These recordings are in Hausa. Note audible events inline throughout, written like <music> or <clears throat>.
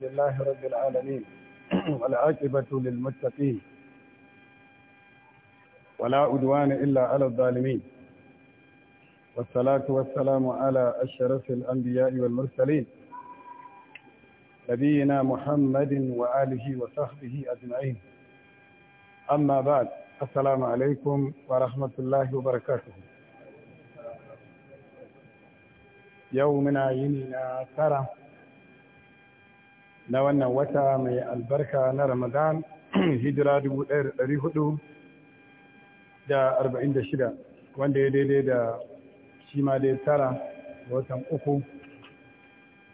لله رب العالمين <clears throat> والعاقبة للمتقين ولا عدوان إلا على الظالمين والصلاة والسلام على أشرف الأنبياء والمرسلين نبينا محمد وآله وصحبه أجمعين أما بعد السلام عليكم ورحمة الله وبركاته يومنا ينينا ترى na wannan wata mai albarka na ramadan <clears throat> hijira 1446 wanda ya daidai da shi ma dai tara watan uku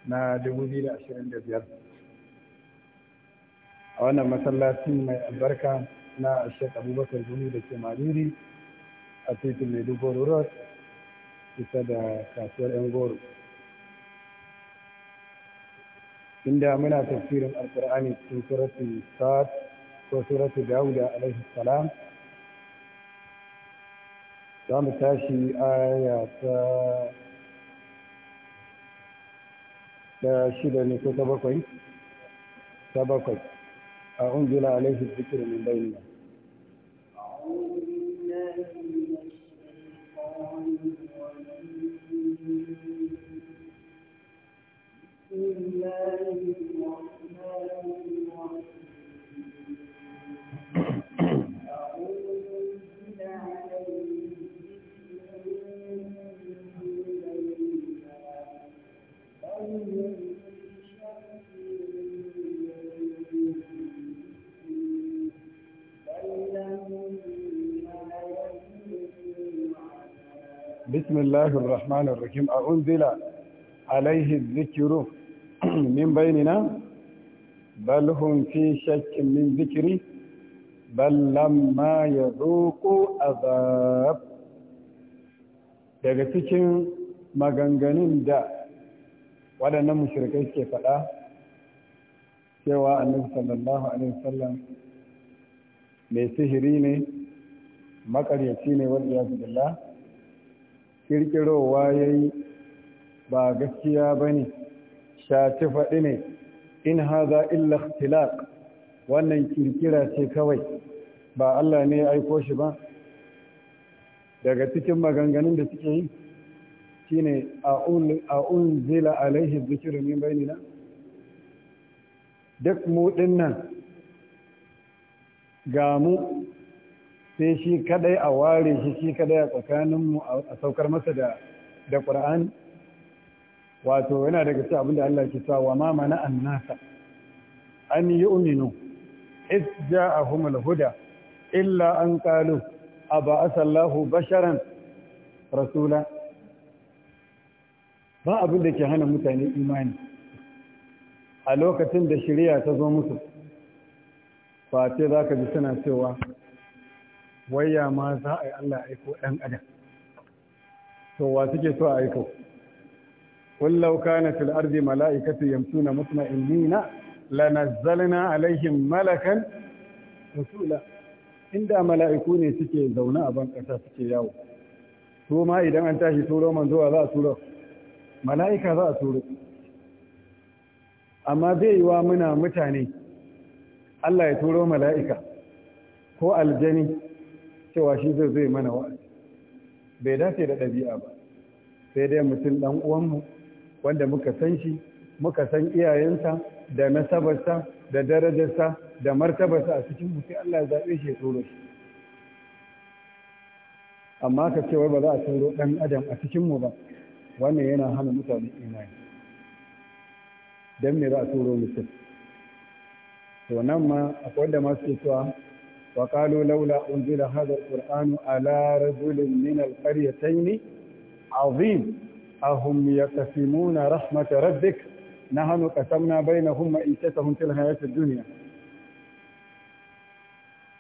na 2025 a wannan masallaci mai albarka na ashek abubakar gumi da ke mariri a titin maiduguri road kusa da kasuwar yan goro inda muna tafsirin alkur'ani cikin surati sa'ad ko surati dawuda alaihi salam za mu tashi aya ta da shida ne ko ta bakwai ta bakwai a unzila alaihi zikr min bainina بسم الله الرحمن الرحيم أنزل عليه الذكر min bainina bal hum fi shakkin min zikri bal lamma yazuqu azab daga cikin maganganun da waɗannan mushrikai ke faɗa cewa annabi sallallahu alaihi wasallam mai sihiri ne makaryaci ne wanda ya fi kirkirowa ya yi ba gaskiya ba ne shafi faɗi ne in haza illa tilak wannan kirkira ce kawai ba Allah ne ya aiko shi ba daga cikin maganganun da suke yi shi ne a unzila alaihi zikirin min nina? duk mu nan ga mu sai shi kaɗai a ware shi shi kaɗai a tsakaninmu a saukar masa da ƙur'ani. wato yana daga cikin abinda Allah ke sa wa ma mana annasa an yu'minu iz a al-huda illa an qalu a asallahu basharan rasula ba abin da ke hana mutane imani a lokacin da shirya ta zo musu face za ka ji suna cewa waya ma za a yi Allah aiko ɗan adam to wa suke so a aiko قل لو كان في الأرض ملائكة يمشون مطمئنين لنزلنا عليهم ملكا رسولا inda mala'iku ne suke zaune a ban kasa suke yawo to ma idan an tashi turo zuwa za a turo mala'ika za a turo amma zai yi wa muna mutane Allah ya turo mala'ika ko aljani cewa shi zai zai mana wa'azi bai dace da ɗabi'a ba sai dai mutum ɗan uwanmu wanda muka san shi muka san iyayensa da nasabarsa da darajarsa da martabarsa a cikin mu sai Allah ya zaɓe shi ya tsoro shi amma ka ce wai ba za a tsoro ɗan adam a cikin mu ba wannan yana hana mutane imani don me za a tsoro mutum to nan ma akwai wanda ma suke cewa wa qalu laula unzila hadha alqur'anu ala rajulin min alqaryatayn azim أهم يقسمون na ربك نحن قسمنا بينهم معيشتهم في الحياة duniya.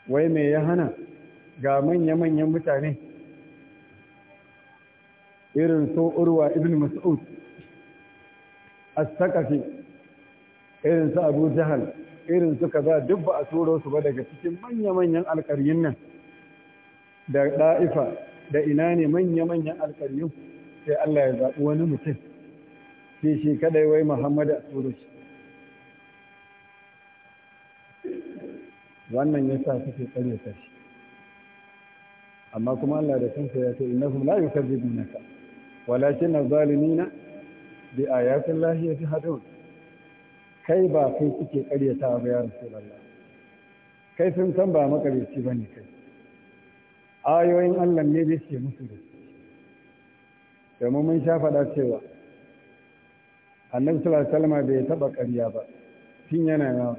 wai mai ya hana ga manya-manyan mutane irin so urwa ibn mas'ud a saqafi irin su abu jahal irin su kaza duk ba a turo su ba daga cikin manya-manyan alƙaryin nan da da'ifa da ina ne manya-manyan alƙaryun sai Allah ya zaɓi wani mutum sai shi kadai wai Muhammadu a turo wannan ya sa suke tsare ta shi amma kuma Allah da kansa ya ce innahum la yukadzibunaka na? az-zalimina bi ayatin lahi yajhadun kai ba kai suke karyata ba ya rasulullah kai sun san ba makaryaci bane kai ayoyin Allah ne bai ce musu da su domin mun sha faɗa cewa annabi sallallahu alaihi wasallam bai taɓa ƙarya ba tun yana yawa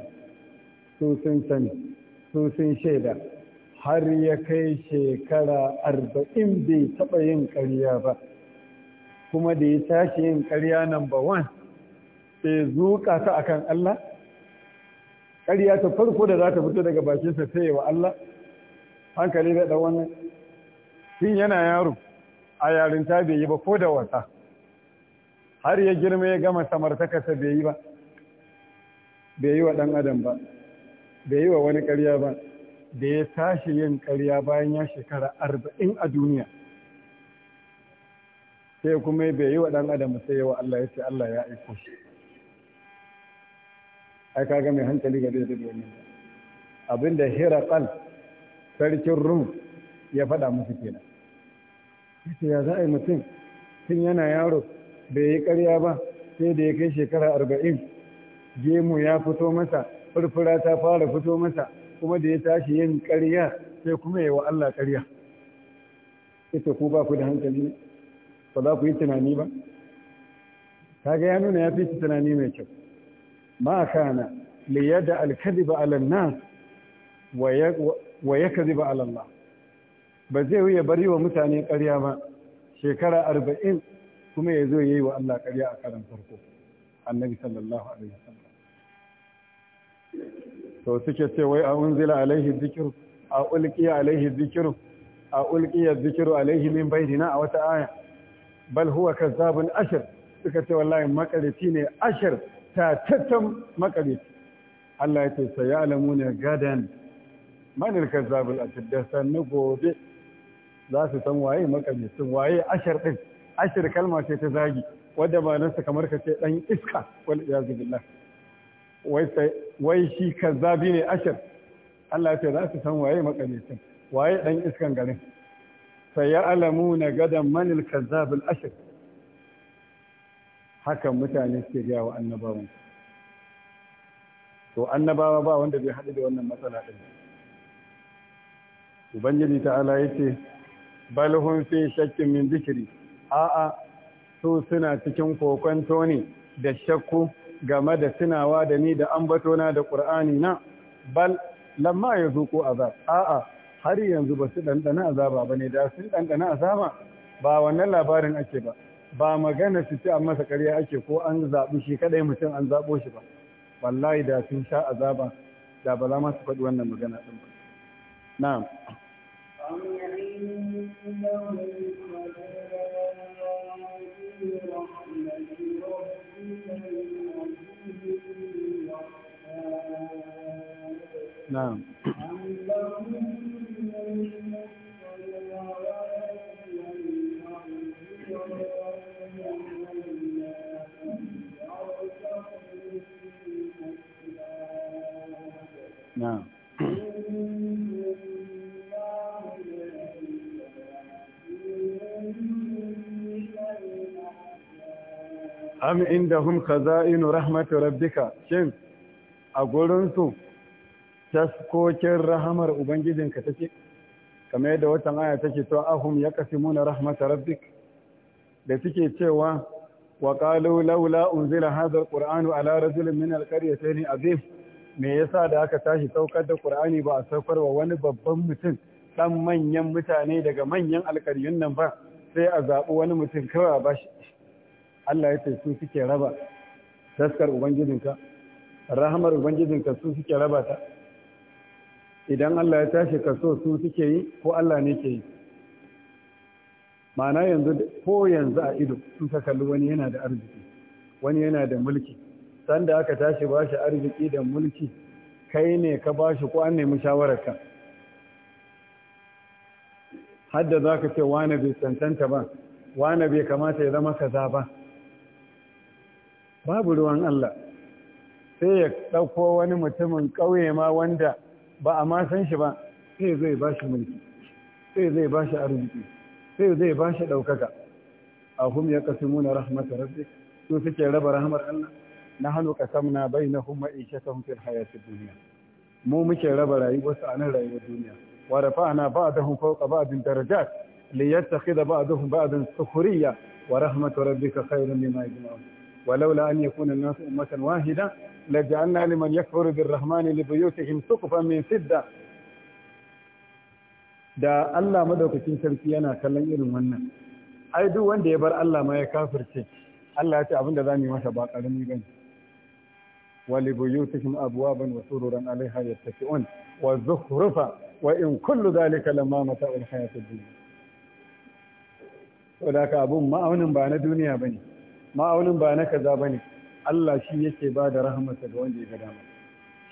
su sun sani su sun shaida har ya kai shekara arba'in bai taɓa yin ƙarya ba kuma da ya tashi yin ƙarya number one bai zuƙa ta kan Allah ƙarya ta farko da za ta fito daga bakinsa sai wa Allah hankali da ɗan wannan tun yana yaro a yarinta bai yi ba ko da wasa har ya girma ya gama samartakasa bai yi ba bai yi wa ɗan adam ba bai yi wa wani ƙarya ba da ya tashi yin ƙarya bayan ya shekara arba'in a duniya sai kuma bai yi wa ɗan adam sai yawa Allah ya ce Allah ya aiko shi ai kaga mai hankali ga Abin da abinda hirakal sarkin rum ya faɗa musu kenan ya za a yi mutum tun yana yaro bai yi karya ba sai da ya kai shekara arba'in gemu ya fito masa furfura ta fara fito masa kuma da ya tashi yin karya sai kuma yi wa Allah karya ita ku ba ku da hankali ba za ku yi tunani ba kaga ya nuna ya fi tunani mai kyau ma kana liyada alkadiba ala wa yakdiba ala ba zai wuya bari wa mutane ƙarya ba shekara arba'in kuma ya zo ya yi wa Allah ƙarya a karin farko annabi sallallahu alaihi wasallam to suke ce wai a unzila alaihi zikiru a ulqiya alaihi zikiru a ulqiya zikiru alaihi min bainina a wata aya bal huwa kazzabun ashir suka ce wallahi makarici ne ashir ta tattam makarici Allah ya ce ne. gadan manil kazzabul ashir da sannu gobe za su san waye makaryatin waye ashir din ashir kalma ce ta zagi wadda ma'anarsa kamar ka ce dan iska wal iyazu billah wai wai shi kazzabi ne ashir Allah ya ce za su san waye makaryatin waye dan iskan garin sai ya alamu na gadan manil kazzabul ashir hakan mutane suke gaya wa annabawan to annabawa ba wanda bai haɗu da wannan matsala ɗin ubangiji ta'ala ya ce bal fi shakkin min dhikri a'a su suna cikin kokonto ne da shakku game da tunawa da ni da ambatona da qur'ani na bal lamma ko azab a'a har yanzu ba su dandana azaba bane da su dandana azaba ba wannan labarin ake ba ba magana su ci a masa ƙarya ake ko an zaɓi shi kadai mutum an zaɓo shi ba wallahi da sun sha azaba da ba za ma su faɗi wannan magana ɗin ba na'am نعم am inda indahum khaza'inu rahmatu rabbika shin a gurinsu taskokin rahamar ubangijinka take kamar yadda watan aya take to ahum yaqsimuna rahmata rabbik da suke cewa wa qalu laula unzila hadha alqur'anu ala rajulin min alqaryatayn azim me yasa da aka tashi saukar da qur'ani ba a saukar wa wani babban mutum dan manyan mutane daga manyan alkaryun nan ba sai a zaɓi wani mutum kawai a bashi Allah ya ce su suke raba taskar ubangijinka rahamar ubangijinka su suke raba ta idan Allah ya tashi kaso su suke yi ko Allah ne ke yi Mana yanzu ko yanzu a ido in ka kalli wani yana da arziki wani yana da mulki sanda aka tashi ba shi arziki da mulki kai ne ka ba shi ko an nemi shawararka hadda za ka ce wane bai cancanta ba wane bai kamata ya zama kaza ba babu ruwan Allah sai ya ɗauko wani mutumin ƙauye ma wanda ba a ma san shi ba sai zai ba shi mulki sai zai ba shi arziki sai zai ba shi ɗaukaka a hum ya kasu muna rahmata rabbi su suke raba rahmar Allah na hannu ka na bai na kuma ishe ta hunfin hayatun duniya mu muke raba rayuwarsu a nan rayuwar duniya wa rafa ana ba a hun fauka ba din dahun ba a ba'dan sukhriya wa rahmata rahmatu rabbika khairun yi jima'a ولولا أن يكون الناس أمة واحدة لجعلنا لمن يكفر بالرحمن لبيوتهم سقفا من سدة da Allah madaukakin sarki yana kallon irin wannan ai duk wanda ya bar Allah ma ya kafirce Allah ya ce abinda za yi masa ba karami bane wa li buyutihim abwaban wa sururan alaiha yattaki'un wa zukhrufa wa in kullu dhalika lamma mata'ul hayatid dunya to abun ma'aunin ba na duniya bane ma'aunin ba na kaza ba ne Allah shi yake ba da rahamarsa ga wanda ya ga dama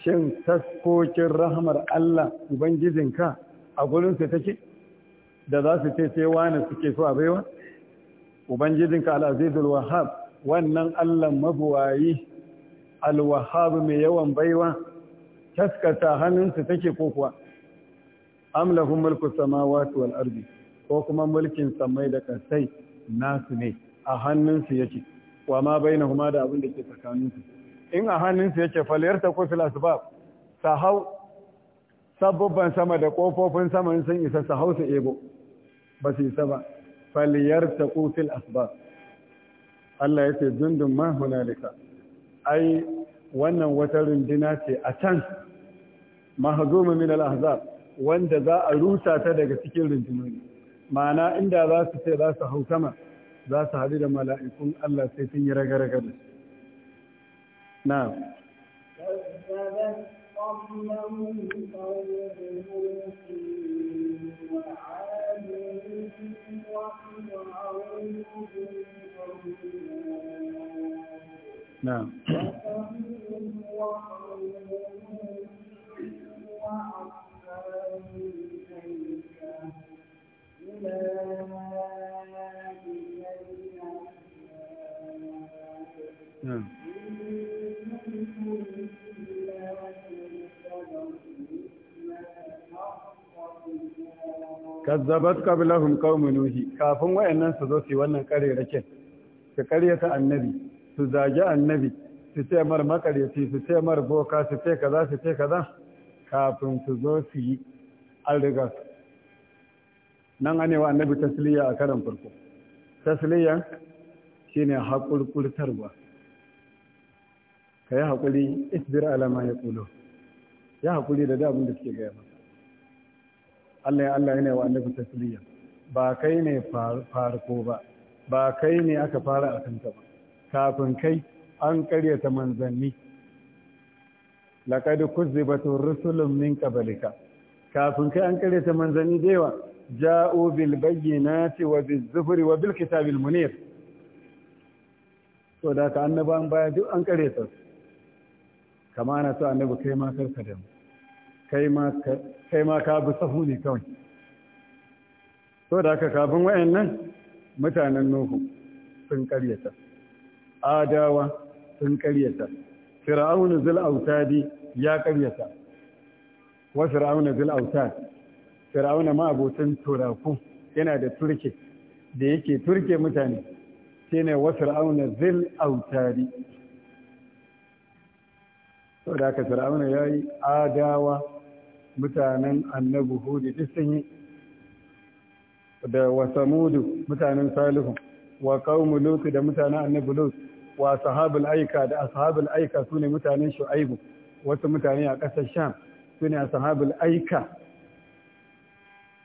shin taskokin rahamar Allah ubangijinka a gurinsa take da za su ce sai wani suke so a baiwa ubangijinka al'azizul wahab wannan Allah mabuwayi alwahab mai yawan baiwa taskata hannunsa take ko kuwa am lahum mulku samawati wal ardi ko kuma mulkin samai da kasai nasu ne a hannunsu yake wa ma huma da abin da ke tsakaninsu in a hannunsu yake falyarta kusul asbab sahau sabubban sama da kofofin sama sun isa hau su ebo ba su isa ba falyarta kusul asbab Allah ya ce ma hunalika ai wannan wata runduna ce a can mahzuma min al-ahzab wanda za a rusa ta daga cikin rundunoni ma'ana inda za su ce za su hau sama za su haɗu da mala'ikun Allah sai sun yi raga-raga da su. Na. نعم أولئك kazzabat qablahum qaumun nuhi kafin wayannan su zo su wannan kare rake su ta annabi su zagi annabi su ce mar makaryaci su ce mar boka su ce kaza su ce kaza kafin su zo su yi an nan an wa annabi tasliya a karan farko tasliya shine haƙurƙurtarwa ka yi haƙuri isbir alama ya ƙulo ya haƙuri da da abin da suke gaya masa Allah ya Allah wa wa annabi tasliya ba kai ne farko ba ba kai ne aka fara a kanta ba kafin kai an karyata manzanni laqad kuzzibatu rusulun min ƙabalika kafin kai an karyata manzanni da yawa ja'u bil bayyinati wa biz zufri wa bil kitabil munir to da ka an baya duk an karyata su kama ana so annabi kai ma karka da mu kai ma ka bi sahu ne kawai so da haka kafin wayannan mutanen nuhu sun karyata adawa sun karyata fir'aun zil autadi ya karyata wa fir'aun zil autad fir'aun ma abotin turaku yana da turke da yake turke mutane shine wa fir'aun zil autadi saboda haka fir'auna ya yi adawa mutanen annabi hudu duk sun yi da wa samudu mutanen salihu wa qaumu lut da mutanen annabi lut wa sahabul aika da ashabul aika sune mutanen shu'aibu wasu mutane a ƙasar sham sune ashabul aika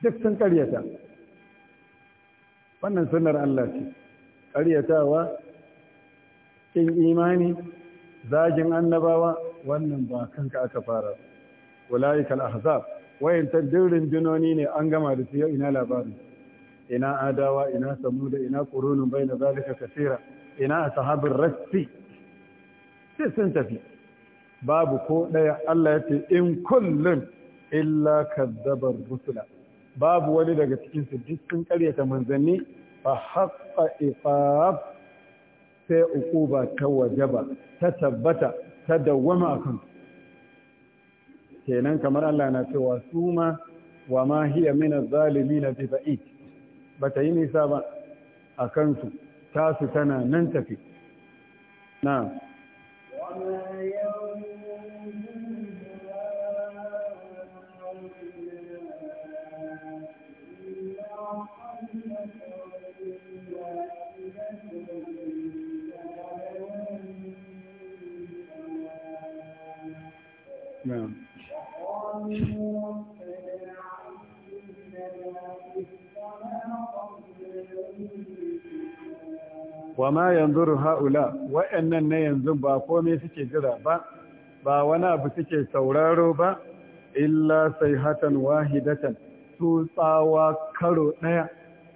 duk sun karyata wannan sunnar Allah ce karyatawa kin imani zagin annabawa wannan ba kanka aka fara ulaika al-ahzab wayan tadirin junoni ne an gama da su ina labarin ina adawa ina samuda ina qurunun baina zalika kaseera ina ashabir rassi sai sun tafi babu ko daya Allah ya ce in kullun illa kadzabar rusula babu wani daga cikin su duk sun karyata manzanni fa haqqa iqab sai uquba ta wajaba ta tabbata ta dawwama akan kenan kamar Allah na cewa su ma wa ma hiya min az-zalimin bi ba'id bata yi nisa ba a kansu. tasu tana nan tafi na'am نعم wa ma yanzu ha'ula wa'annan na yanzu ba komai suke jira ba ba wani abu suke sauraro ba illa sai hatan wahidatan su tsawa karo ɗaya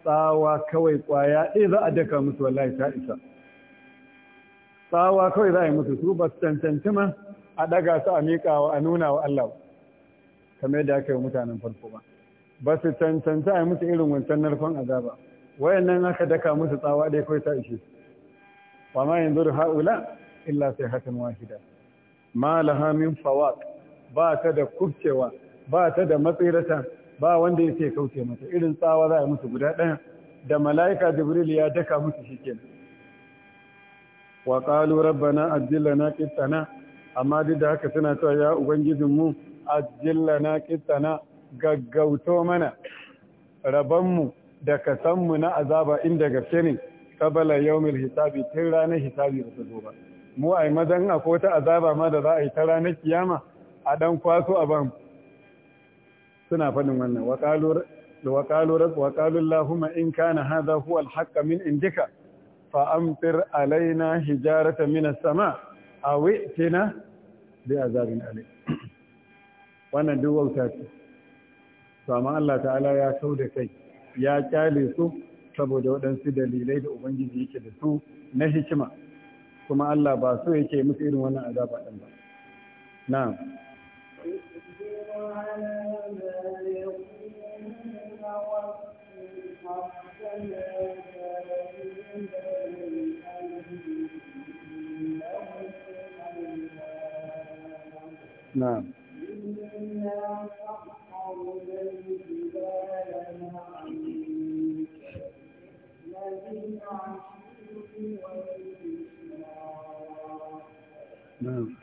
tsawa kawai kwaya ɗaya za a daka musu wallahi ta isa tsawa kawai za a yi musu su ba su cancanci ma a ɗaga su a miƙawa a nuna wa Allah kamar yadda aka yi mutanen farko ba ba su cancanci a yi musu irin wancan narkon azaba wayannan aka daka musu tsawa ɗaya kawai ta ishe wa ma yanzu da ha'ula illa sai hatan wahida ma laha min ba ta da kubcewa ba ta da matsirata ba wanda yake kauce mata irin tsawa za a musu guda ɗaya da mala'ika jibril ya daka musu shikenan wa qalu rabbana ajjilna ƙirƙana. amma duk da haka suna cewa ya ubangijinmu ajillana kittana gaggauto mana rabanmu da kasanmu na azaba inda gaske ne kabala yaumil hisabi tun ranar hisabi ba su zo ba mu a mazan akwai azaba ma da za a yi ta ranar kiyama a dan kwaso a ban suna faɗin wannan waƙalu Allahumma in kana hadha huwa al min indika fa amtir alaina hijaratan min as-sama' awi tina bi azabin alim wannan duk wauta ce to amma Allah ta'ala ya kau da kai ya kyale su saboda waɗansu dalilai da ubangiji yake da su na hikima kuma Allah ba so yake musu irin wannan azaba din ba na'am Thank you. نعم نعم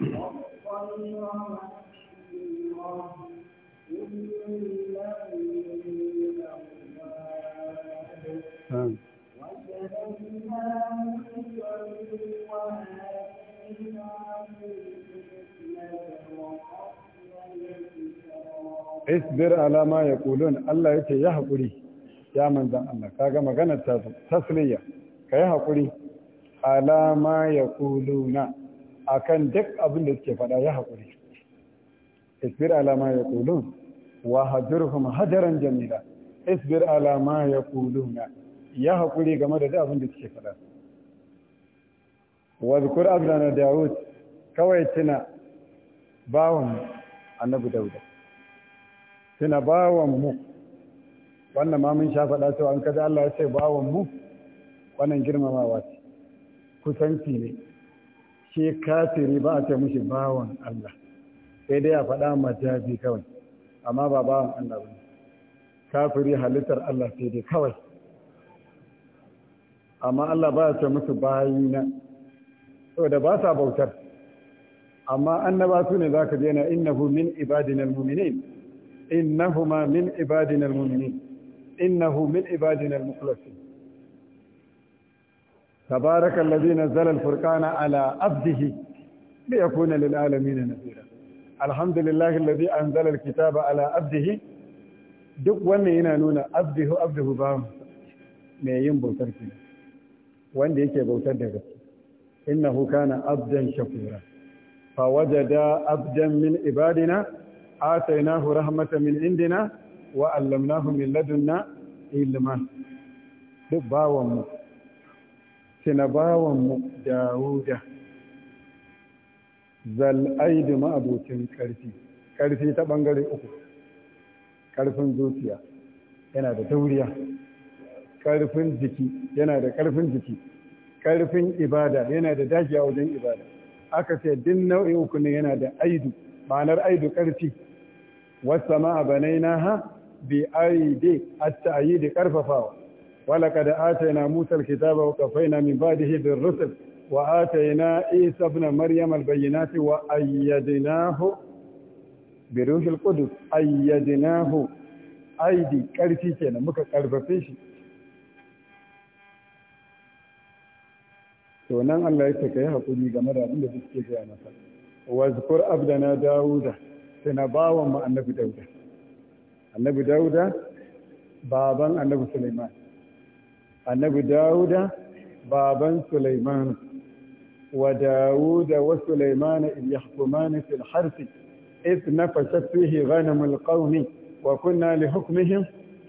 نعم isbir alama ya kulun Allah ya ce ya haƙuri ya manzan Allah kaga ta tasliya ka yi haƙuri alama ya kuluna akan duk abin da suke faɗa ya haƙuri isbir alama ya kulun wa hajurhum hajaran jamila isbir alama ya kuluna ya haƙuri game da duk abin da suke faɗa wa zukur abdana daud kawai tuna bawon annabi Dawud suna bawanmu wannan ma mun sha faɗa cewa an kaji Allah ya ce bawanmu wannan girmamawa ce kusanci ne shi kafiri ba a ce mushi bawan Allah sai dai a faɗa majabi kawai amma ba bawan Allah ba kafiri halittar Allah sai dai kawai amma Allah ba ya ce musu bayina saboda ba sa bautar amma annaba su ne za ka je na innahu min ibadinal mu'minin إنهما من عبادنا المؤمنين إنه من عبادنا المخلصين تبارك الذي نزل الفرقان على عبده ليكون للعالمين نذيرا الحمد لله الذي أنزل الكتاب على عبده duk wannan yana nuna abdihu abdihu ba mai yin bautar ke wanda yake bautar da gaske innahu kana abdan shakura fa wajada abdan min ibadina آتيناه رحمة من indina وعلمناه من لدنا ladunna ilma duk bawanmu tina bawanmu dawuda zal aidu ma'abocin karfi karfi ta bangare uku zuciya yana da tauriya karfin jiki yana da karfin jiki karfin ibada yana da dagiya wajen ibada aka ce din nau'in uku ne yana da aidu ma'anar aidu karfi والسماء بنيناها بأيدي التأييد كرففاوة ولقد آتينا موسى الكتاب وكفينا من بعده بالرسل وآتينا إيسى ابن مريم البينات وأيدناه بروح القدس أيدناه أيدي كرفي مكا كرففيش to الله Allah ya saka ya haƙuri game واذكر أبدنا داودا suna bawan ma annabi dauda annabi dauda baban annabi suleiman annabi dauda baban suleiman wa dauda wa suleiman idh yahkumani fil harth idh nafashat fihi ghanamul qawmi wa kunna li hukmihim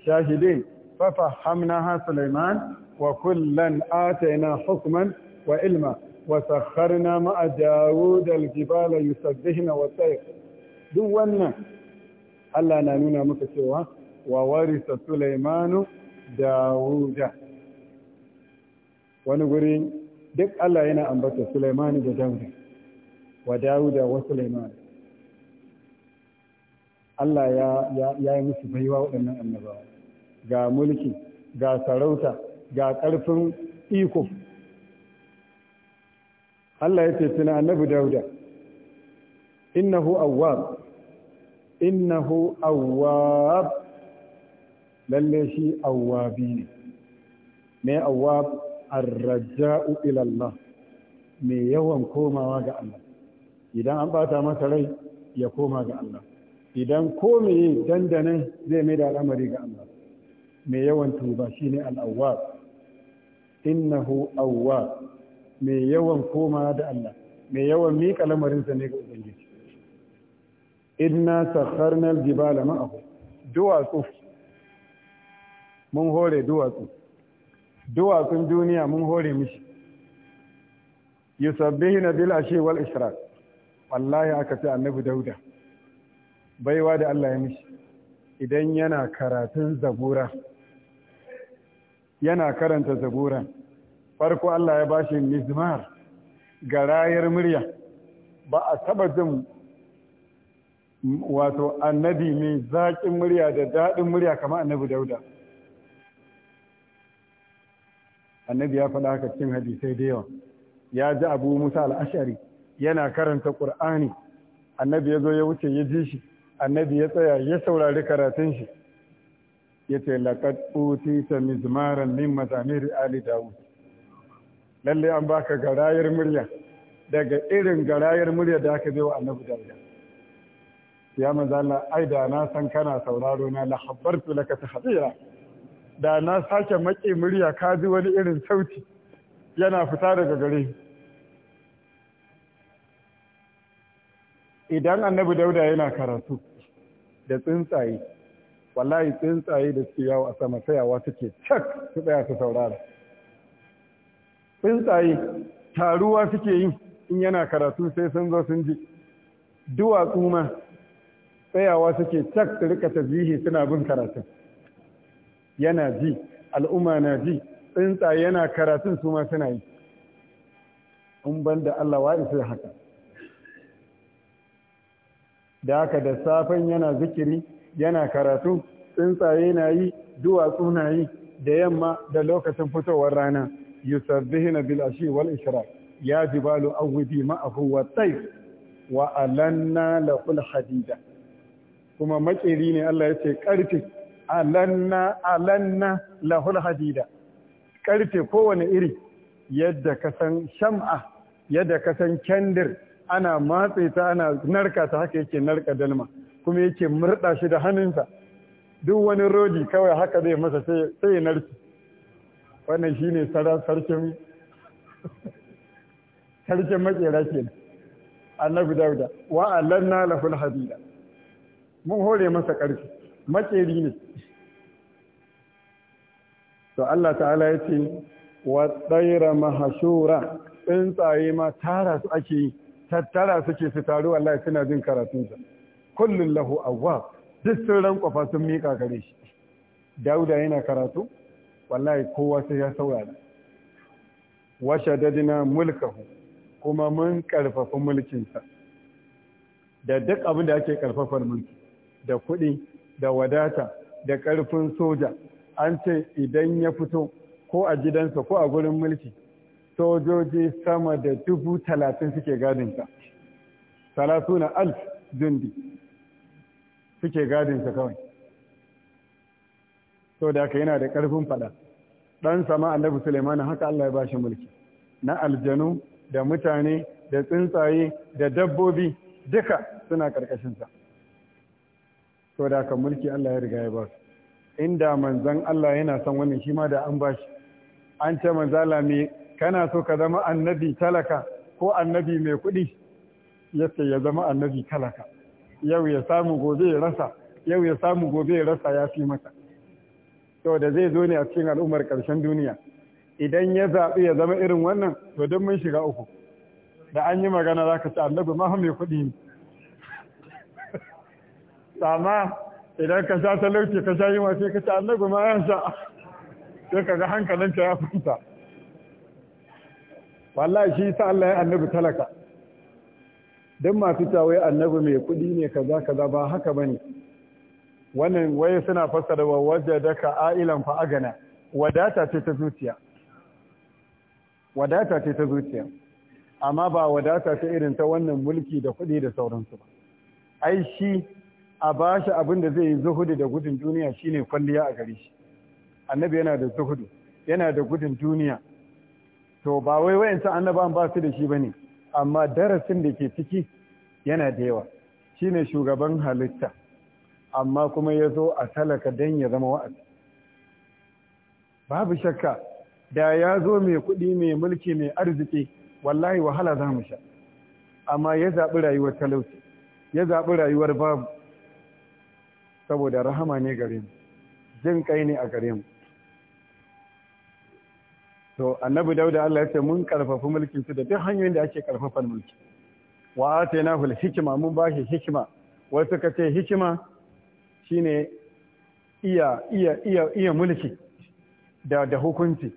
shahidin ففهمناها سليمان وكلا آتينا حكما وعلما وسخرنا مع داود الجبال يسبحن والطير duk wannan Allah na nuna maka cewa wa warisa Sulaimanu Dawuda wani guri duk Allah yana ambata Sulaimanu da Dawuda wa Dawuda wa Sulaimanu Allah ya ya yi musu baiwa waɗannan annabawa ga mulki ga sarauta ga ƙarfin iko Allah ya ce tuna annabi Dawuda innahu awwab innahu awwab lalle shi awwabi ne me awwab arraja'u ila Allah me yawan komawa ga Allah idan an ɓata masa rai ya koma ga Allah idan komai dandana zai mai da al'amari ga Allah mai yawan tuba shine al-awwab innahu awwab mai yawan koma da Allah mai yawan miƙa lamarinsa ne ga ubangiji inna sakharnal jibala ma'ahu duwatsu mun hore duwatsu duwatsun duniya mun hore mishi yusabbihuna bil ashi wal ishraq wallahi aka ce annabi dauda baiwa da Allah ya mishi idan yana karatun zabura yana karanta zabura farko Allah ya bashi mizmar garayar murya ba a taba jin wato annabi mai zaƙin murya da daɗin murya kamar annabi dauda annabi ya faɗa haka cikin hadisai da yawa ya ji abu musa al'ashari yana karanta ƙur'ani annabi ya zo ya wuce ya ji shi annabi ya tsaya ya saurari karatun shi ya ce laƙad ta mizmaran min mazamir ali dawud lalle an baka garayar murya daga irin garayar murya da aka bai wa annabi dauda ya manzo Allah ai da na san kana sauraro na la khabartu laka tahdira da na sake maki murya ka ji wani irin sauti yana fita daga gare idan annabi dauda yana karatu da tsuntsaye wallahi tsuntsaye da suke yawo a sama tsayawa suke cak su tsaya su saurara tsuntsaye taruwa suke yi in yana karatu sai sun zo sun ji duwatsu ma tsayawa suke cak su rika tasbihi suna bin karatun yana ji al'umma na ji tsuntsaye yana karatun su ma suna yi in ban da Allah wa sai haka da haka da safen yana zikiri yana karatu tsuntsaye na yi duwatsu na yi da yamma da lokacin fitowar rana yusabbihuna na ashi wal ishira. ya jibalu awdi ma'ahu wa tayf wa alanna lahul hadida kuma makeri ne Allah ya ce ƙarfe alanna alanna lahul hadida ƙarfe kowane iri yadda ka san sham'a yadda ka san kendir ana matse ta ana narka ta haka yake narka dalma kuma yake murda shi da hannunsa duk wani rodi kawai haka zai masa sai ya narki wannan shine sarkin sarkin makera kenan annabi dauda wa alanna lahul hadida mun hore masa ƙarfi makeri ne to Allah ta'ala ya ce wa tsaira mahashura tsuntsaye ma tara su ake yi tattara suke su taru Allah suna jin karatunsa Kullum lahu awwa duk sun rankwafa sun mika gare shi dauda yana karatu wallahi kowa sai ya saurara wa shadadina mulkahu kuma mun karfafa mulkinsa da duk abin da ake karfafa mulki da kuɗi da wadata da ƙarfin soja an ce idan ya fito ko a gidansa ko a gurin mulki sojoji sama da dubu talatin suke gadinsa na alf jundi suke gadinsa kawai so da aka yana da ƙarfin faɗa ɗan sama annabi suleiman haka allah ya bashi mulki na aljanu da mutane da tsuntsaye da dabbobi duka suna ƙarƙashinsa saboda haka mulki Allah ya riga ya ba su inda manzan Allah yana son wannan shi ma da an ba shi an ce manzala me kana so ka zama annabi talaka ko annabi mai kuɗi yace ya zama annabi talaka yau ya samu gobe ya rasa yau ya samu gobe ya rasa ya fi mata da zai zo ne a cikin al'ummar ƙarshen duniya idan ya zaɓi ya zama irin wannan to don mun shiga uku da an yi magana za ka ci annabi ma mai kuɗi ne tsama idan ka sha talauci ka sha yi sai ka sha annabi ma ya sha sai ka ga hankalinka ya fita wallahi shi sa Allah ya annabi talaka ma masu tawai annabi mai kuɗi ne kaza kaza ba haka ba ne. wannan waye suna fassara wa ka ailan fa agana wadata ce ta zuciya wadata ce ta zuciya amma ba wadata ta irin ta wannan mulki da kuɗi da sauransu ba ai shi a ba shi abin da zai yi zuhudu da gudun duniya shine kwalliya a gare shi annabi yana da zuhudu yana da gudun duniya to ba wai wayansu annaban ba su da shi ne. amma darasin da ke ciki yana da yawa shine shugaban halitta amma kuma ya zo a talaka don ya zama wa'azi babu shakka da ya zo mai kuɗi mai mulki mai arziki wallahi wahala za mu sha amma ya zaɓi rayuwar talauci ya zaɓi rayuwar babu saboda rahama ne gare mu jin kai ne a gare mu to annabi dauda Allah ya ce mun karfafi mulkin su da duk hanyoyin da ake karfafan mulki wa atayna hul hikma mun ba shi hikma wai suka ce hikima shine iya iya iya iya mulki da da hukunci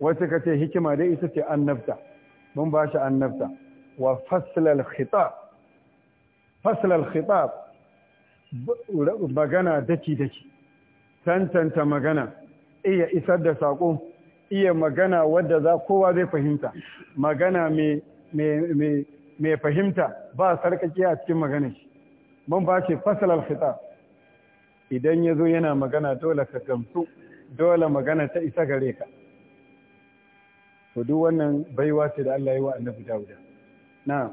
wai suka ce hikima dai ita ce annabta mun ba shi annabta wa faslal khitab faslal khitab magana daki-daki tantanta magana iya isar da saƙo iya magana wadda za kowa zai fahimta magana mai fahimta ba sarkaki a cikin magana shi mun ba ce fasalar alfita idan ya zo yana magana dole ka gamsu dole magana ta isa gare ka ku duk wannan baiwa ce da Allah ya wa annabi Dawuda na'am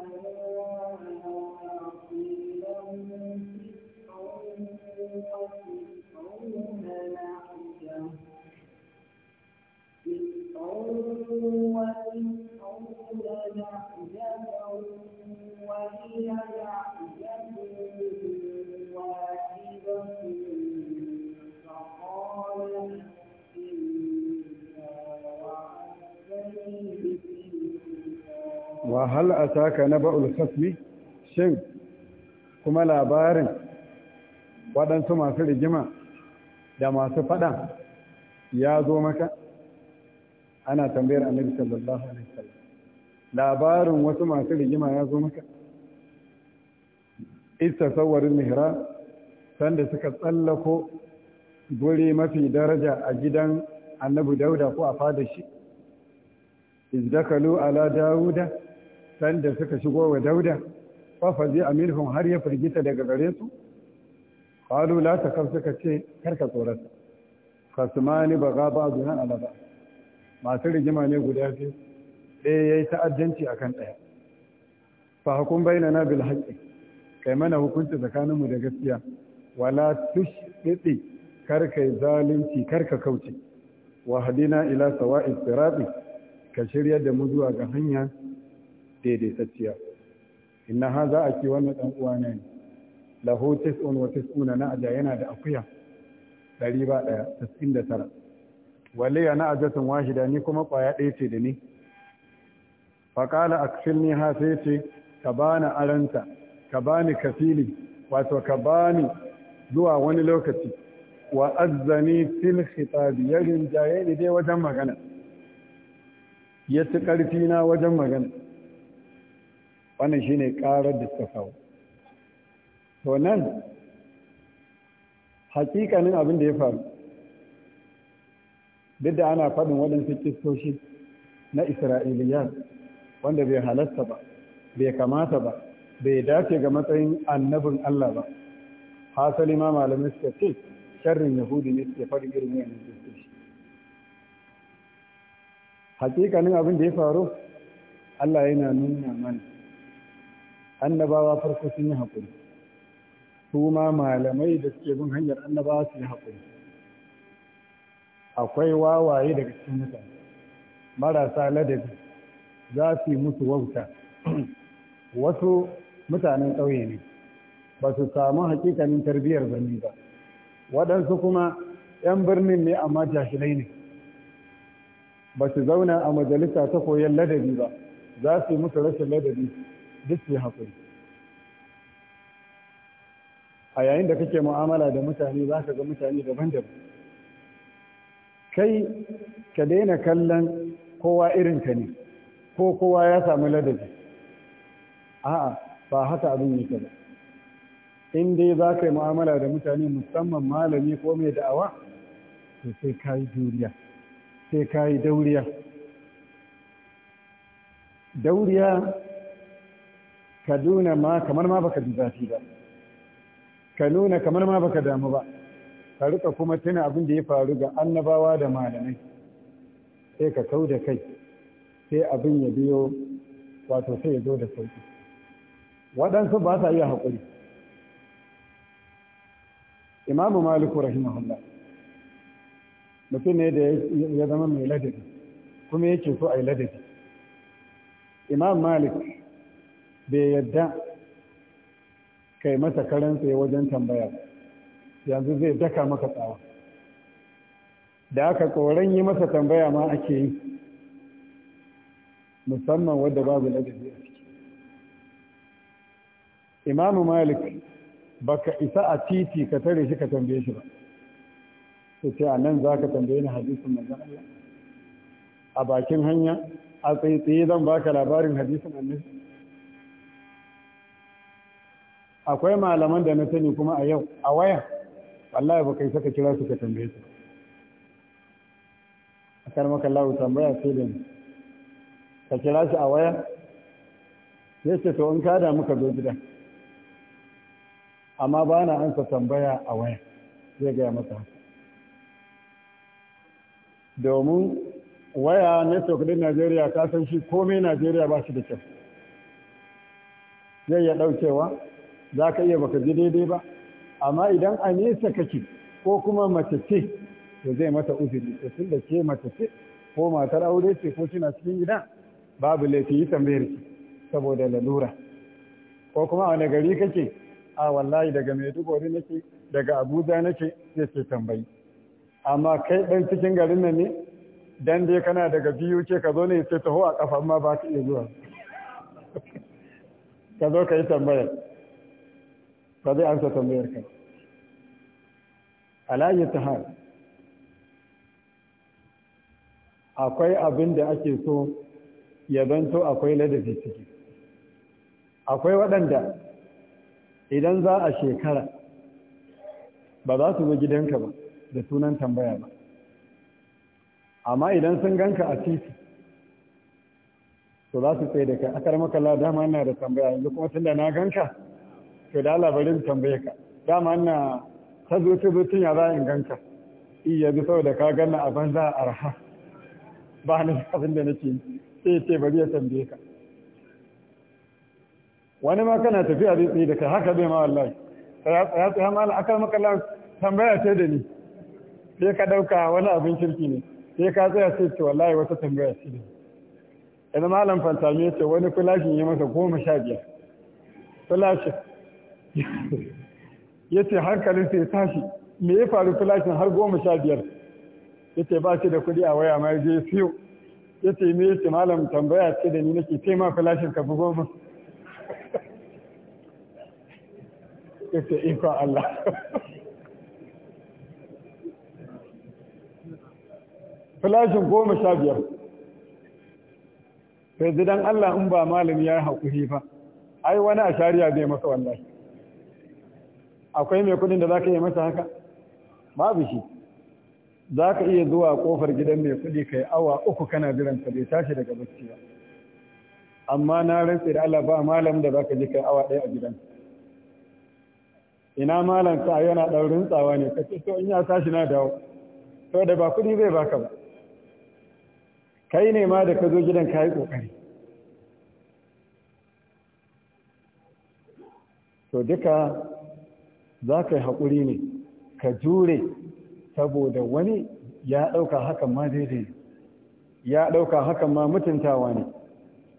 wa hal ataka naba'ul khasmi shin kuma labarin waɗansu masu rigima da masu faɗa ya zo maka ana tambayar annabi sallallahu alaihi wasallam labarin wasu masu rigima ya zo maka istasawwarin mihra sanda suka tsallako guri mafi daraja a gidan annabi dauda ko a fada shi izdakalu ala dauda sanda suka shigo wa dauda fafazi aminhum har ya firgita daga gare su qalu la suka ce karka tsorata khasmani baga ba'duna ala ba masu rigima ne guda biyu ɗaya yayi ta'addanci akan ɗaya fa hukum na bil haqqi kai mana hukunci tsakaninmu da gaskiya wala tushdidi karka zalunci karka kauce wa hadina ila sawa'i sirati ka shirya da mu zuwa ga hanya daidaitacciya inna haza ke wannan dan uwa ne lahu tis'un wa tis'una na'ja yana da akuya ɗari ba ɗaya tas'in da tara wale ya na'jatun wahida ni kuma ƙwaya ɗaya ce da ni faƙala aksilni ha sai ce ka bani aranta ka bani kafili wato ka bani zuwa wani lokaci wa azzani fil khitabi ya rinjaye ne dai wajen magana ya ci ƙarfi na wajen magana wannan shine karar da suka kawo to nan hakikanin abin da ya faru duk da ana faɗin waɗansu kistoshi na isra'iliyar wanda bai halasta ba bai kamata ba bai dace ga matsayin annabin Allah ba hasali ma malamai suka ce sharrin yahudi ne suke faɗi irin wannan kistoshi hakikanin abin da ya faru Allah yana nuna mana annabawa farko sun yi haƙuri su ma malamai da suke bin hanyar annabawa su yi haƙuri akwai wawaye daga cikin mutane marasa ladabi za su yi musu wauta <clears throat> wasu mutanen ƙauye ne ba su samu hakikanin tarbiyyar birni ba waɗansu kuma 'yan birnin ne amma jahilai ne ba su zauna a majalisa ta koyon ladabi ba za su yi musu rashin ladabi duk su haƙuri a yayin da kake mu'amala da mutane za ka ga mutane daban-daban kai ka daina kallon kowa irin ka ne ko kowa ya samu ladabi a'a ba haka abin yake ba in dai za ka yi mu'amala da mutane musamman malami ko mai da'awa to sai ka yi juriya sai ka yi dauriya dauriya ka nuna ma kamar ma baka ji zafi ba ka nuna kamar ma baka damu ba ka rika kuma tuna abin da ya faru ga annabawa da malamai sai ka kau da kai sai abin ya biyo wato sai ya zo da sauki waɗansu ba sa iya haƙuri imamu maliku rahimahullah mutum ne da ya zama mai ladabi kuma yake so a yi ladabi imam malik bai yadda kai masa karen tsaye wajen tambaya yanzu zai daka maka tsawa da aka tsoron yi masa tambaya ma ake yi musamman wadda babu ladabi a ciki imamu malik baka isa a titi ka tare shi ka tambaye shi ba su ce a nan za ka tambaye ni hadisin manzan Allah a bakin hanya a tsaye zan baka labarin hadisin annabi akwai malaman da na sani kuma a yau a waya wallahi ba kai saka kira su ka tambaye su akan maka lawo tambaya sai da ni ka kira shi a waya ya ce to in ka da muka zo gida amma ba na ansa tambaya a waya zai gaya masa domin waya network din najeriya ka san shi komai najeriya ba shi da kyau zai ya daukewa za ka iya baka ji daidai ba amma idan a nesa kake ko kuma mace ce to zai mata uzuri da tun da ke mace ce ko matar aure ce ko kina cikin gida babu laifi yi tambayar ki saboda lalura ko kuma wani gari kake a wallahi daga maiduguri nake daga abuja nake sai ce tambayi amma kai ɗan cikin garin nan ne dan dai kana daga biyu ce ka zo ne sai taho a kafa amma ba ka iya zuwa <laughs> ka zo ka yi tambayar ba zai amsa tambayar ka alayi ta har akwai abin da ake so ya zanto akwai ladabi ciki akwai waɗanda idan za a shekara ba za su zo gidanka ba da sunan tambaya ba amma idan sun ganka a titi to za su tsaye da kai akar makala dama na da tambaya yanzu kuma tun na ganka to da Allah bari tambaye ka dama ina ta zo ta zo tun ya za in ganka iya yanzu saboda ka ganna a banza a arha ba ni abin da nake sai ce bari ya tambaye ka wani ma kana tafiya zai tsaye da kai haka zai ma wallahi ya tsaye ma akal makala tambaya ce da ni sai ka dauka wani abin kirki ne sai ka tsaya sai ce wallahi wata tambaya ce da ni yanzu malam fantami ya ce wani filashin ya masa goma sha biyar filashin <laughs> ya ce hankalinsa ya tashi me ya faru filashin har goma sha biyar ya ce ba shi da kudi a waya mai je siyo ya ce me ya ce malam tambaya ce da ni nake ce ma filashin ka fi goma <laughs> ya ce ikon Allah <laughs> filashin goma sha biyar sai zidan Allah in ba malami ya yi haƙuri ba ai wani a shari'a zai masa wallahi akwai mai kudin da za ka yi masa haka babu shi za ka iya zuwa kofar gidan mai kudi ka yi awa uku kana jiran ka bai tashi daga bacci ba amma na rantsi da Allah ba malam da za ka je kai awa ɗaya a gidan ina malam ka yana ɗan rintsawa ne ka ce to in ya tashi na dawo to da ba kudi zai baka ba kai ne ma da ka zo gidan ka yi ƙoƙari to duka za ka yi haƙuri ne ka jure saboda wani ya ɗauka hakan ma daidai ya ɗauka hakan ma mutuntawa ne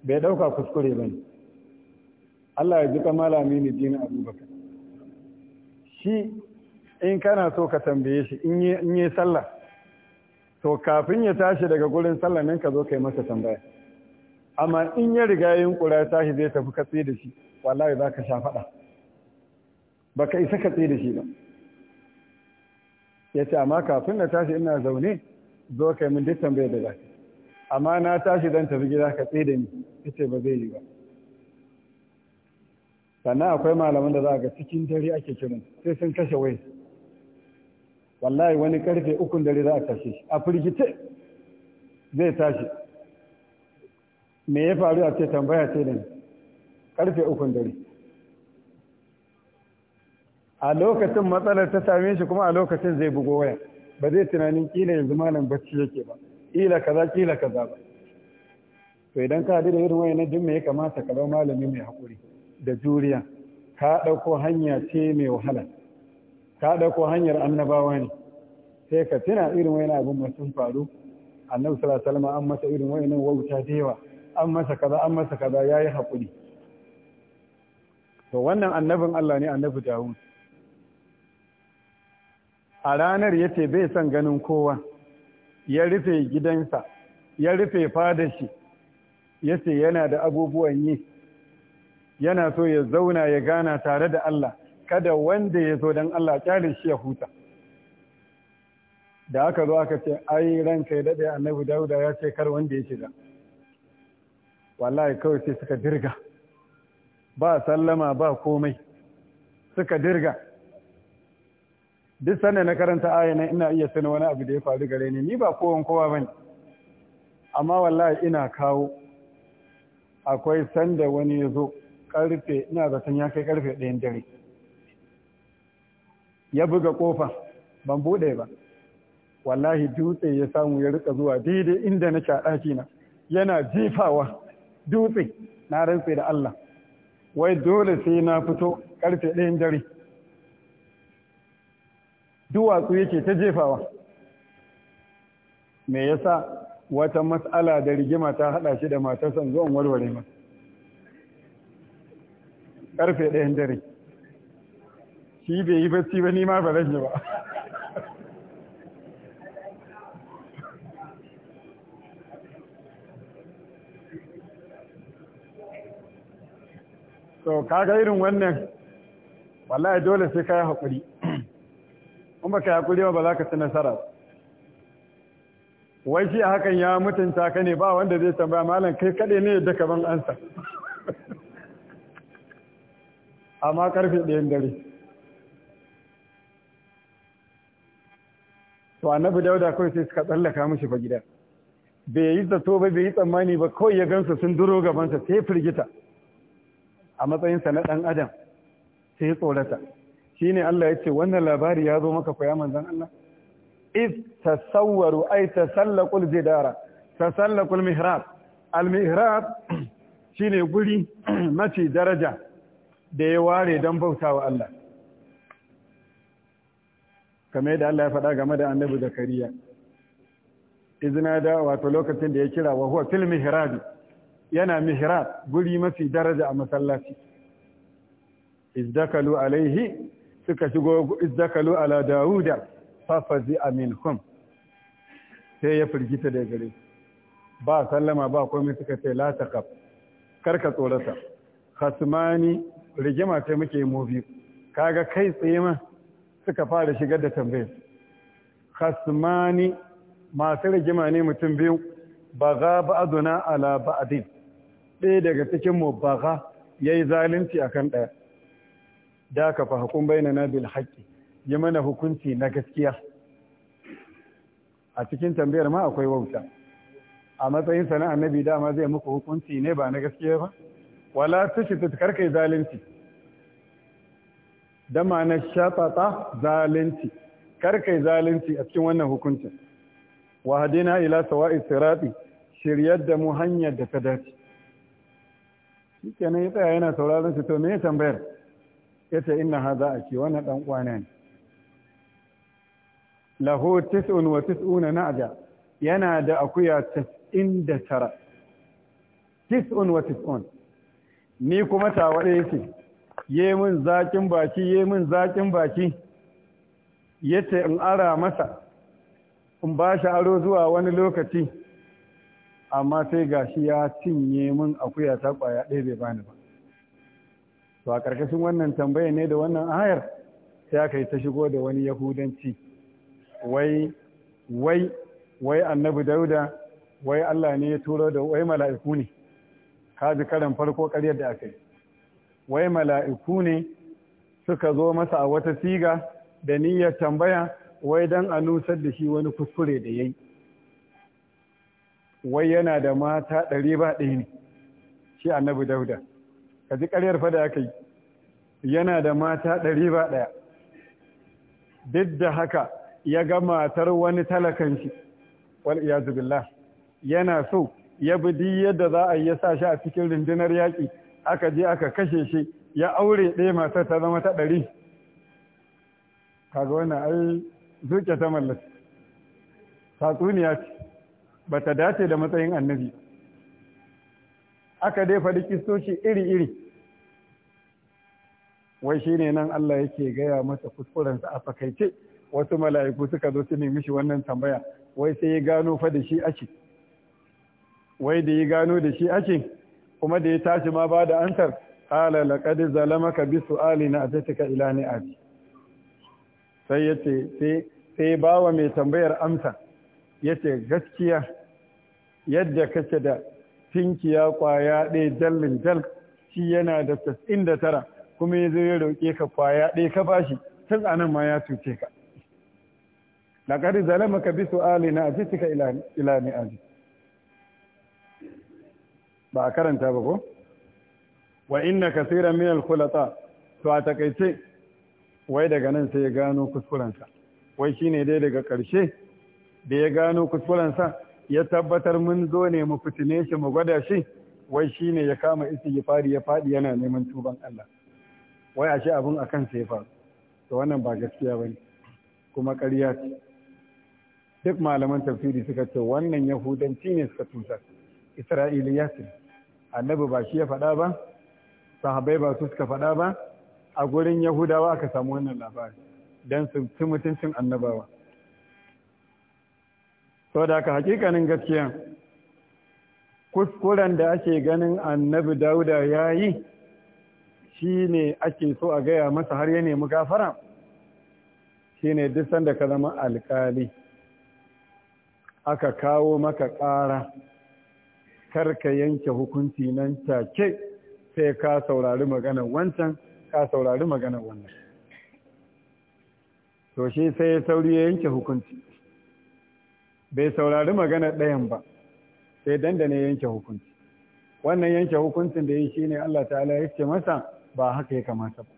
bai ɗauka kuskure ba ne Allah ya ji kama Lamini dini abubakar shi in kana so ka tambaye shi in yi sallah to kafin ya tashi daga gurin sallah nan ka zo ka yi masa tambaya amma in ya riga yin kura tashi zai tafi katse da shi wallahi za ka sha faɗa ba ka isa ka tsaye da shi ba ya ce amma kafin na tashi ina zaune zo yi min duk tambayar da zafi amma na tashi don tafi gida ka tsaye da ni ya ce ba zai yi ba sannan akwai malaman da za a ga cikin dare ake kiran sai sun kashe wai wallahi wani karfe ukun dare za a tashi, shi a firgice zai tashi me ya faru a ce tambaya ce da ni karfe ukun dare a lokacin matsalar ta same shi kuma a lokacin zai bugo waya ba zai tunanin kila yanzu malam bacci yake ba kila kaza kila kaza ba to idan ka da irin wayannan duk me ya kamata ka ba malami mai hakuri da juriya ka dauko hanya ce mai wahala ka dauko hanyar annabawa ne sai ka tuna irin wayannan abun ma sun faru annabi sallallahu alaihi wasallam an masa irin wayannan wauta da yawa an masa kaza an masa kaza yayi hakuri to wannan annabin Allah ne annabi Dawud a ranar ya ce bai son ganin kowa ya rufe gidansa ya rufe fadashi ya ce yana da abubuwan yi yana so ya zauna ya gana tare da Allah kada wanda ya zo don Allah kyale shi ya huta da aka zo aka ce ai ranka ya daɗe annabi dauda ya ce kar wanda ya shiga wallahi kawai sai suka dirga ba sallama ba komai suka dirga duk sanda na karanta aya nan ina iya sani wani abu da ya faru gare ni ni ba kowan kowa bane amma wallahi ina kawo akwai sanda wani ya zo karfe ina zaton ya kai karfe ɗayan dare ya buga kofa ban buɗe ba wallahi dutse ya samu ya rika zuwa daidai inda na sha na yana jifawa dutse na rantse da Allah wai dole sai na fito karfe ɗayan dare duwatsu yake ta jefawa me yasa wata matsala da rigima ta haɗa shi da matarsa zuwan warware ma karfe ɗayan dare shi bai yi bacci ba ni ma ba zan yi ba so kaga irin wannan wallahi dole sai kai hakuri in baka hakuri ba za ka ci nasara wai shi hakan ya mutunta ka ne ba wanda zai tambaya malam kai kaɗai ne da ka ban ansa <laughs> amma karfe ɗayan dare to annabi dauda kai sai suka tsallaka mishi fa gida bai yi zato ba bai yi tsammani ba kawai ya gansu sun duro gabansa sai firgita a matsayinsa na ɗan adam sai tsorata Shi ne Allah ya ce wannan labari ya zo maka koya manzan Allah ta ai ta ay zidara, jidara sallakul mihrab al mihrab <clears throat> shine guri <clears throat> mace daraja da ya ware don bautawa Allah kamar yadda Allah ya faɗa game da annabi zakariya izina da wato lokacin da ya kira wa huwa fil mihrabi yana mihrab guri mafi daraja a masallaci izdakalu alaihi suka shigo izdakalu ala dawuda fafazi aminkum sai ya firgita da gare ba sallama ba komai suka ce la Kar karka tsorata khasmani rigima sai muke mu biyu kaga kai tsaye ma suka fara shigar da tambayar khasmani masu rigima ne mutum biyu ba za ba'aduna ala ba'adin ɗaya daga cikin mu ba yayi zalunci akan ɗaya da ka fa hakun na bil haqqi yi mana hukunci na gaskiya a cikin tambayar ma akwai wauta a matsayin sana annabi dama zai muku hukunci ne ba na gaskiya ba wala ta karkai zalunci da ma na shafata zalunci karkai zalunci a cikin wannan hukuncin wa hadina ila sawa'i sirati shiryar da mu hanyar da ta dace na ya tsaya yana sauraron shi to me tambayar yace inna a ce wannan dan kwana ne lahu 99 na'ja yana da akuya 99 tis'un ni kuma ya yake ye min zakin baki ye min zakin baki yace in ara masa in ba shi aro zuwa wani lokaci amma sai gashi ya cinye min akuya ta kwaya ɗaya bai bani ba to a ƙarƙashin wannan tambaya ne da wannan ayar sai aka yi ta shigo da wani yahudanci wai wai wai annabi dauda wai Allah ne ya turo da wai mala'iku ne Ka ji karan farko ƙaryar da aka yi wai mala'iku ne suka zo masa a wata siga da niyyar tambaya wai dan a nusar da shi wani kuskure da ya yi wai yana da mata ɗari ba ɗaya ne shi annabi dauda ka ji ƙaryar fa aka yi yana da mata ɗari ba ɗaya duk da haka ya ga matar wani talakan shi wal billah yana so ya bi di yadda za a yi ya sa shi a cikin rundunar yaƙi aka je aka kashe shi ya aure ɗaya matar ta zama ta ɗari kaga wannan ai zuke ta mallaka tatsuniya ce ba ta dace da matsayin annabi aka dai faɗi kistoci iri-iri wai shi ne nan Allah yake gaya masa kuskurensa a fakaice wasu mala'iku suka zo su nemi shi wannan tambaya wai sai ya gano fa da shi ake wai da ya gano da shi ake kuma da ya tashi ma ba da ansar qala laqad zalamaka bi na atatika ila abi sai yace sai sai bawa mai tambayar amsa yace gaskiya yadda kake da tinkiya kwaya ɗaya jallin jal shi yana da 99 kuma ya zo ya roƙe ka kwaya ɗaya ka bashi tun nan ma ya cuce ka laqad ka bi na ajitika ila ila aji. ba a karanta ba ko wa inna tsira min al to a takaice wai daga nan sai ya gano kuskurensa wai shine dai daga ƙarshe da ya gano kuskurensa ya tabbatar mun zo ne mu fitine shi mu gwada shi wai shine ya kama isi ya fari ya faɗi yana neman tuban Allah wai a shi abin a kan sai faru to wannan ba gaskiya ba ne kuma karya ce duk malaman tafsiri suka ce wannan yahudanci ne suka tusa isra'iliya ce annabi ba shi ya faɗa ba sahabai ba su suka faɗa ba a gurin yahudawa aka samu wannan labari don su ci mutuncin annabawa sau da haka hakikanin gaskiya kuskuren da ake ganin annabi dauda ya yi shi ne ake so a gaya masa har ya nemi gafara shi ne duk sanda ka zama alkali aka kawo maka ƙara karka yanke hukunci nan take sai ka saurari maganar wancan ka saurari maganar wannan to shi sai ya sauri ya yanke hukunci bai saurari maganar ɗayan ba sai dandane yanke hukunci wannan yanke hukuncin da yi ne Allah ta'ala ya ce masa ba haka ya kamata ba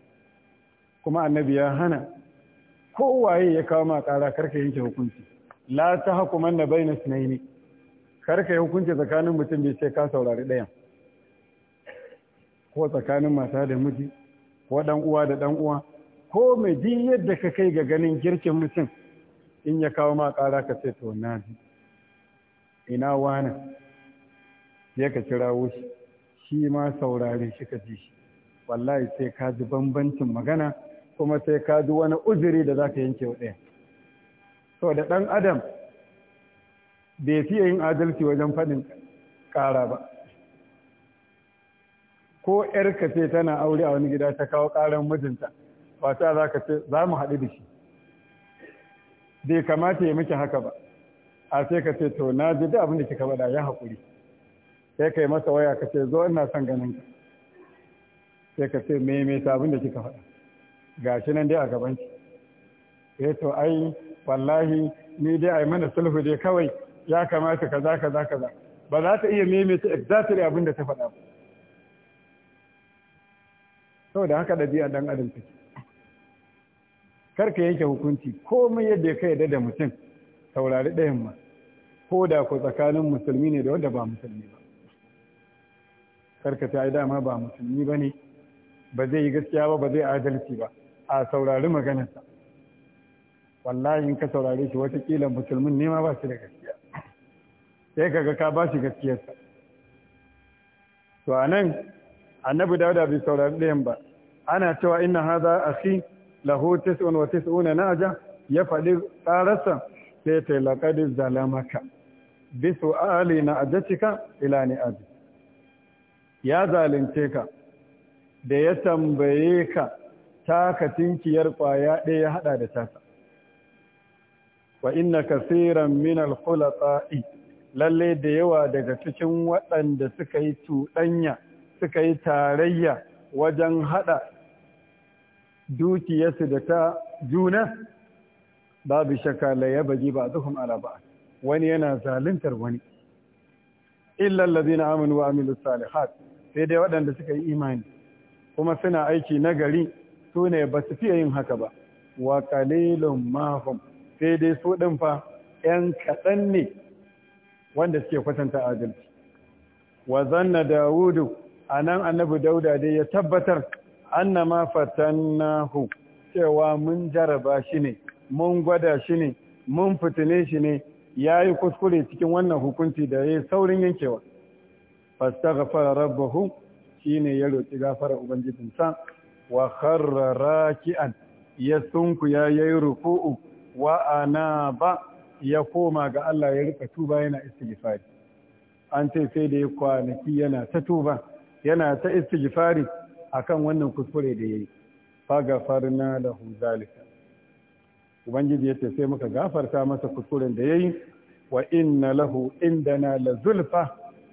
kuma annabi ya hana ko waye ya kawo ma kara karka yanke hukunci la ta hakuman na bayna ne karka yi hukunci tsakanin mutum bai ce ka saurari ɗayan ko tsakanin mata da miji ko dan uwa da ɗan uwa ko mai din yadda ka kai ga ganin girkin mutum in ya kawo ma kara ka ce to na ji ina wani ya ka kira shi shi ma saurari shi ka ji shi wallahi sai ka ji bambancin magana kuma sai ka ji wani uzuri da za ka yanke wa ɗaya so da ɗan adam bai fiye yin adalci wajen faɗin ƙara ba ko ‘yarka ce tana aure a wani gida ta kawo ƙaran mijinta wata za ka ce za mu haɗu da shi bai kamata ya miki haka ba a sai ka ce to na ji da abin da kika faɗa ya haƙuri sai ka yi masa waya ka ce zo ina son ganin ka sai ka ce me me da kika faɗa gashi nan dai a gaban eh to ai wallahi ni dai ai mana sulhu dai kawai ya kamata kaza kaza kaza ba za ta iya maimaita exactly abin da ta faɗa ba saboda haka ɗabi'a ɗan adam take kar ka yanke hukunci komai yadda ka yarda da mutum saurari ɗayan ma ko da ku tsakanin musulmi ne da wanda ba musulmi ba karka ta yi dama ba musulmi ba ne ba zai yi gaskiya ba ba zai adalci ba a saurari maganarsa wallahi in ka saurare shi watakila musulmin nema ba shi da gaskiya sai kaga ka ba shi gaskiyarsa to a nan annabi dauda bai saurari ɗayan ba ana cewa inna haza fi lahu tis'un wa tis'una naja ya faɗi tsararsa sai ta laqad zalamaka bisu Ali na ajacika ila ni abi ya zalunce ka da ya tambaye ka taka tinkiyar kwaya ɗaya ya haɗa da taka wa inna kasiran min al-khulata'i lalle da yawa daga cikin waɗanda suka yi tuɗanya suka yi tarayya wajen haɗa dukiyarsu da ta juna babu shakala ya ba zuhun ala ba wani yana zaluntar wani illa na amanu wa Aminu salihat sai dai waɗanda suka yi imani kuma suna aiki na gari su ne ba su fiye yin haka ba wa kalilun mahum sai dai su ɗin fa ‘yan kaɗan ne wanda suke kwatanta adalci wa zanna dawudu a nan annabi dauda dai ya tabbatar anna ma fatannahu cewa mun jaraba shi ne mun gwada shi ne mun fitile shi ne ya yi kuskure cikin wannan hukunci da ya yi saurin yankewa fastaghfara rabbahu shine ya roki gafara ubangijinsa wa kharra raki'an ya sunku ya yayi ruku'u wa ba ya koma ga Allah ya rika tuba yana istighfari an ce sai da ya kwanaki yana ta tuba yana ta istighfari akan wannan kuskure da yayi da lahu zalika ubangiji yace sai muka gafarta masa kuskuren da yayi wa inna lahu indana la zulfa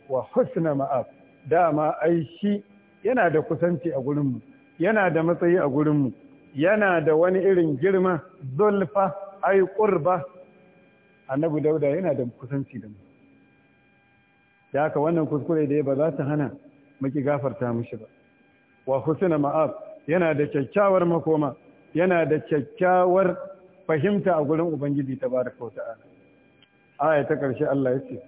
wa husna ma'ab dama ai shi yana da kusanci a gurinmu yana da matsayi a gurinmu yana da wani irin girma zulfa ai qurba annabi dauda yana da kusanci da mu da haka wannan kuskure da ya ba za ta hana muki gafarta mishi ba wa husna ma'ab yana da kyakkyawar makoma yana da kyakkyawar fahimta a gurin ubangiji tabaraka wa ta'ala aya ta karshe Allah ya ce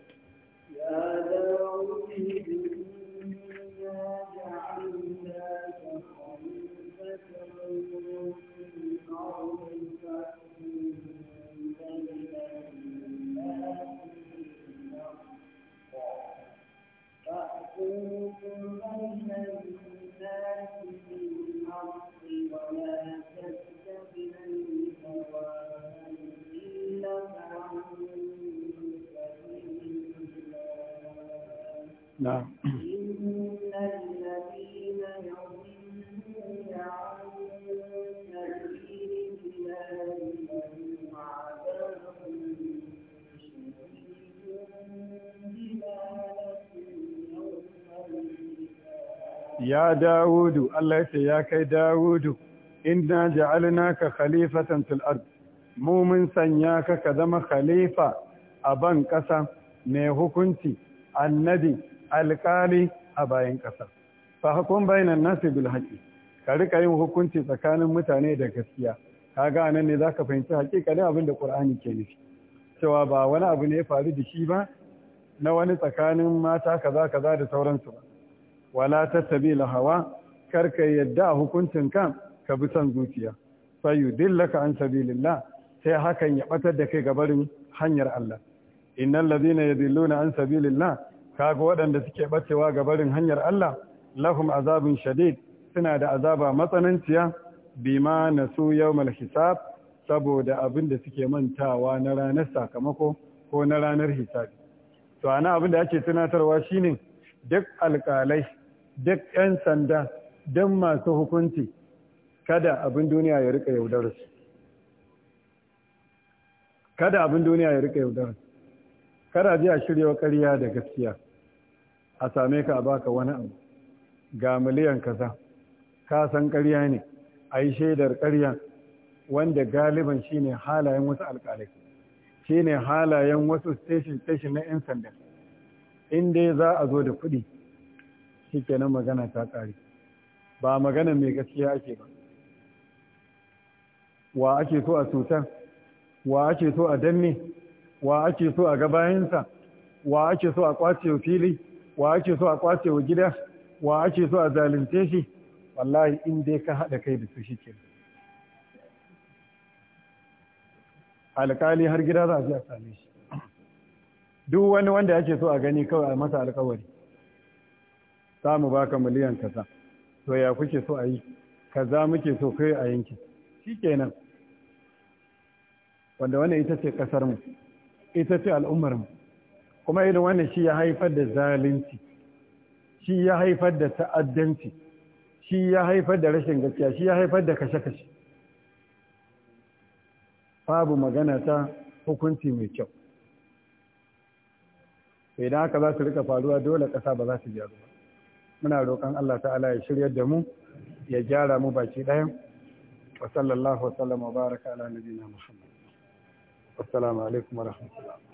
Gracias. ya dawudu Allah ya ce ya kai dawudu inna ja'alnaka khalifatan fil ard mu mun sanya ka ka zama khalifa a ban ƙasa mai hukunci annabi alƙali a bayan ƙasa fa hukum bainan nasi bil haqi ka rika yin hukunci tsakanin mutane da gaskiya kaga anan ne zaka fahimci hakikalin abin da Qur'ani ke nufi cewa ba wani abu ne ya faru da shi ba na wani tsakanin mata kaza kaza da sauransu ba wala tattabi hawa kar ka yadda a hukuncin kan ka bi son zuciya sai yudillaka an sabilillah sai hakan ya batar da kai gabarin hanyar Allah innal ladina yadilluna an sabilillah kaga waɗanda suke bacewa gabarin hanyar Allah lahum azabun shadid suna da azaba matsananciya bima nasu yawmal hisab saboda abin da suke mantawa na ranar sakamako ko na ranar hisabi to ana abin da ake tunatarwa shine duk alƙalai duk 'yan sanda don masu hukunci kada abin duniya ya rika su kada abin duniya ya rika su kada ji a shirya wa ƙarya da gaskiya a same ka a baka wani abu ga miliyan kaza ka san ƙarya ne a yi shaidar ƙarya wanda galiban shine halayen wasu alƙalai shine halayen wasu station station na 'yan sanda in dai za a zo da kuɗi shi kenan magana ta ƙare ba magana mai gaskiya ake ba wa ake so a cutar wa ake so a danne wa ake so a gabayinsa wa ake so a kwace wa fili wa ake so a kwace wa gida wa ake so a zalunce shi wallahi in dai ka haɗa kai da su shi ke alƙali har gida za a je a same shi duk wani wanda ake so a gani kawai a masa alƙawari samu baka miliyan kaza to ya kuke so a yi kaza muke so kai a yanki shikenan wanda wannan ita ce kasar mu ita ce al'ummar mu kuma irin wannan shi ya haifar da zalunci shi ya haifar da ta'addanci shi ya haifar da rashin gaskiya shi ya haifar da kashe-kashe babu magana ta hukunci mai kyau idan haka za su rika faruwa dole ƙasa ba za su gyaru ba muna roƙon Allah ta'ala ya shirya da mu ya gyara mu baki ɗaya wa sallallahu wa sallam wa baraka ala nabiyina muhammad assalamu alaikum wa rahmatullah